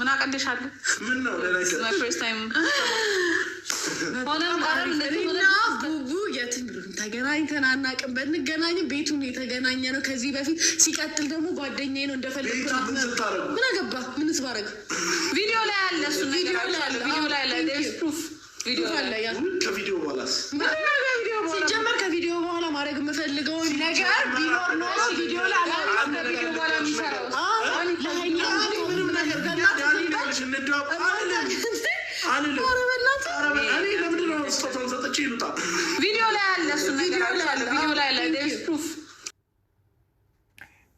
ምን አቀልሻለ? ምን ነው ጉጉ የትም ተገናኝተን አናውቅም። በንገናኝም ቤቱን የተገናኘ ነው ከዚህ በፊት ሲቀጥል ደግሞ ጓደኛዬ ነው እንደፈለግ ምን አገባ ምን ስባረግ ቪዲዮ ላይ አለ እሱ ከቪዲዮ በኋላ ሲጀመር ከቪዲዮ በኋላ ማድረግ የምፈልገው ነገር ቢኖር ነው ቪዲዮ ላይ አለ ቪዲዮ በኋላ የሚሰራው ቪዲዮ ላይ አለ፣ እሱ ነገር ቪዲዮ ላይ አለ።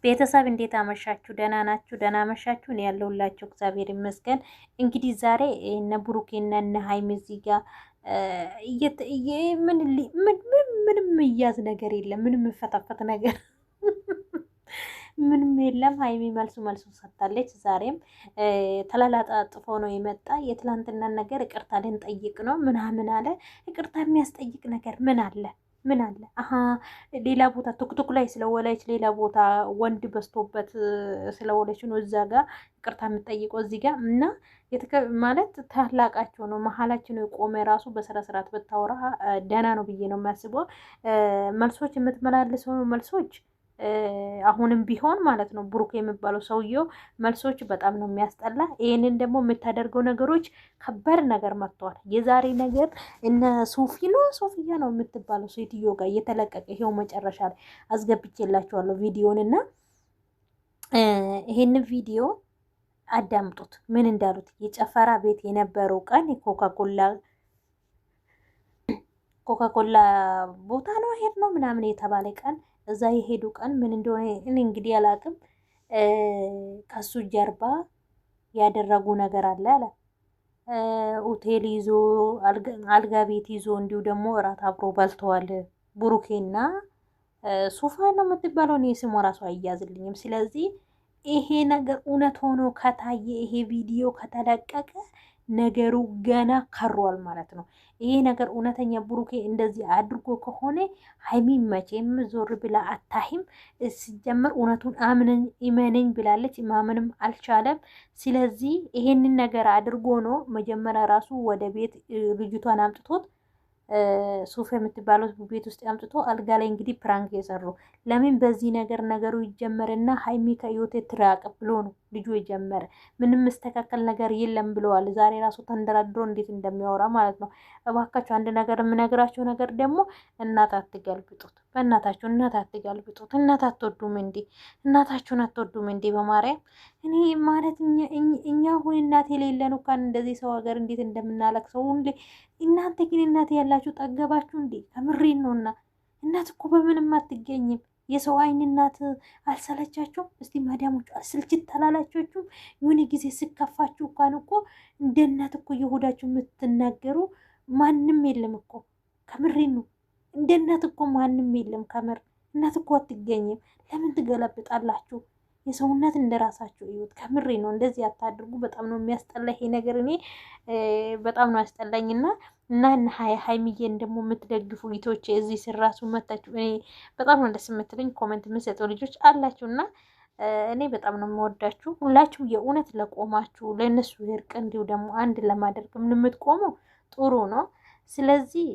ቤተሰብ እንዴት አመሻችሁ? ደህና ናችሁ? ደህና አመሻችሁ? እኔ ያለሁላችሁ እግዚአብሔር ይመስገን። እንግዲህ ዛሬ እነ ብሩኬና እነ ሀይሚ እዚህ ጋር ምንም ምያዝ ነገር የለም፣ ምንም የምፈታፈት ነገር ምንም የለም። ሀይሚ መልሱ መልሱ ሰጥታለች። ዛሬም ተለላጣጥፎ ነው የመጣ የትላንትናን ነገር ይቅርታ ልንጠይቅ ነው ምናምን አለ። ይቅርታ የሚያስጠይቅ ነገር ምን አለ? ምን አለ? አሀ ሌላ ቦታ ቱክቱክ ላይ ስለወለች ሌላ ቦታ ወንድ በስቶበት ስለወለች ነው እዛ ጋር ይቅርታ የምጠይቀው እዚህ ጋር እና ማለት ታላቃቸው ነው መሀላችን የቆመ ራሱ በስነ ስርዓት ብታወራ ደህና ነው ብዬ ነው የሚያስበው። መልሶች የምትመላልሰው መልሶች አሁንም ቢሆን ማለት ነው ብሩክ የሚባለው ሰውየው መልሶች በጣም ነው የሚያስጠላ። ይህንን ደግሞ የምታደርገው ነገሮች ከባድ ነገር መጥተዋል። የዛሬ ነገር እነ ሶፊኖ ሶፊያ ነው የምትባለው ሴትዮ ጋር እየተለቀቀ ይሄው መጨረሻ ላይ አስገብቼላችኋለሁ ቪዲዮን እና ይህን ቪዲዮ አዳምጡት። ምን እንዳሉት የጨፈራ ቤት የነበረው ቀን የኮካኮላ ኮካኮላ ቦታ ነው ሄድ ነው ምናምን የተባለ ቀን እዛ የሄዱ ቀን ምን እንደሆነ እኔ እንግዲህ አላቅም። ከሱ ጀርባ ያደረጉ ነገር አለ አለ ሆቴል ይዞ አልጋ ቤት ይዞ እንዲሁ ደግሞ እራት አብሮ በልተዋል። ቡሩኬና ሱፋ ነው የምትባለው። እኔ ስሟ ራሱ አያዝልኝም። ስለዚህ ይሄ ነገር እውነት ሆኖ ከታየ ይሄ ቪዲዮ ከተለቀቀ ነገሩ ገና ከሯል ማለት ነው። ይሄ ነገር እውነተኛ ብሩኬ እንደዚህ አድርጎ ከሆነ ሀይሚ መቼም ዞር ብላ አታሂም። ሲጀመር እውነቱን አምነኝ እመነኝ ብላለች፣ ማመንም አልቻለም። ስለዚህ ይሄንን ነገር አድርጎ ነው መጀመሪያ ራሱ ወደ ቤት ልጅቷን አምጥቶት ሱፍ የምትባለው ቤት ውስጥ አምጥቶ አልጋ ላይ እንግዲህ ፕራንክ የሰሩ ለምን በዚህ ነገር ነገሩ ይጀመርና ሀይሚ ከዮቴ ትራቅ ብሎ ነው ልጁ የጀመረ ምንም መስተካከል ነገር የለም ብለዋል። ዛሬ ራሱ ተንደራድሮ እንዴት እንደሚያወራ ማለት ነው። እባካችሁ አንድ ነገር የምነግራችሁ ነገር ደግሞ እናት አትገልብጡት፣ በእናታችሁ እናት አትገልብጡት። እናት አትወዱም እንዴ? እናታችሁን አትወዱም እንዴ? በማርያም እኔ ማለት እኛ ሁን እናት የሌለን እንኳን እንደዚህ ሰው ሀገር እንዴት ሰው ሁሌ። እናንተ ግን እናት ያላችሁ ጠገባችሁ እንዴ? ከምሬን ነውና እናት እኮ በምንም አትገኝም። የሰው አይን እናት አልሰለቻችሁም? እስቲ ማዳሞቹ አልሰልችት ተላላችሁም? የሆነ ጊዜ ስከፋችሁ እንኳን እኮ እንደ እናት እኮ የሆዳችሁ የምትናገሩ ማንም የለም እኮ ከምሬ ነው። እንደ እናት እኮ ማንም የለም ከምር። እናት እኮ አትገኝም። ለምን ትገለብጣላችሁ? የሰውነት እንደራሳችሁ እዩት። ከምሬ ነው። እንደዚህ አታድርጉ። በጣም ነው የሚያስጠላ ይሄ ነገር። እኔ በጣም ነው ያስጠላኝ እና እና እና ሀይ ሀይሚዬን ደግሞ የምትደግፉ ጌቶች እዚህ ስር ራሱ መታችሁ እኔ በጣም ነው ደስ የምትለኝ። ኮመንት የምሰጠው ልጆች አላችሁ እና እኔ በጣም ነው የምወዳችሁ ሁላችሁ የእውነት ለቆማችሁ ለእነሱ እርቅ እንዲሁ ደግሞ አንድ ለማድረግ የምትቆሙ ጥሩ ነው። ስለዚህ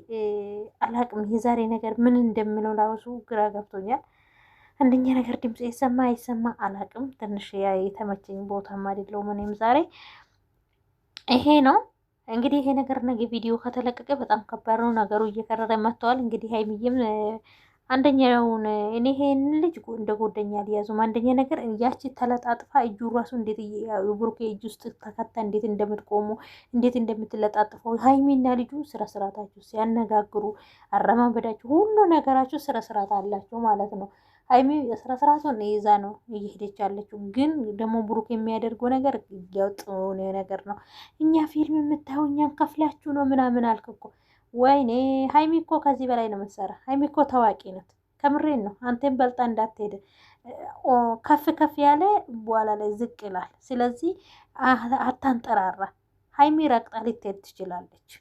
አላቅም የዛሬ ነገር ምን እንደምለው ላውሱ ግራ ገብቶኛል። አንደኛ ነገር ድምፅ የሰማ አይሰማ አላቅም። ትንሽ የተመቸኝ ቦታም አይደለሁም እኔም ዛሬ ይሄ ነው እንግዲህ። ይሄ ነገር ነገ ቪዲዮ ከተለቀቀ በጣም ከባድ ነው ነገሩ፣ እየከረረ መጥተዋል። እንግዲህ ሀይሚዬም አንደኛውን እኔ ይሄን ልጅ እንደ ጎደኛ አልያዙም። አንደኛ ነገር ያቺ ተለጣጥፋ እጁ ራሱ እንዴት ብሩኬ እጅ ውስጥ ተከታ እንዴት እንደምትቆሙ እንዴት እንደምትለጣጥፈው ሀይሚና ልጁ ስራ ስርዓታችሁ ሲያነጋግሩ አረማመዳችሁ ሁሉ ነገራችሁ ስራ ስርዓት አላችሁ ማለት ነው። ሀይሚ ስራ ስርዓቱን ይዛ ነው እየሄደች ያለችው። ግን ደግሞ ብሩክ የሚያደርገው ነገር ያውጥሆነ ነገር ነው። እኛ ፊልም የምታየው እኛን ከፍላችሁ ነው ምናምን አልክ እኮ። ወይኔ ሀይሚ እኮ ከዚህ በላይ ነው የምትሰራ። ሀይሚ እኮ ታዋቂ ናት። ከምሬን ነው። አንተን በልጣ እንዳትሄደ ከፍ ከፍ ያለ በኋላ ላይ ዝቅ ይላል። ስለዚህ አታንጠራራ። ሀይሚ ረግጣ ልትሄድ ትችላለች።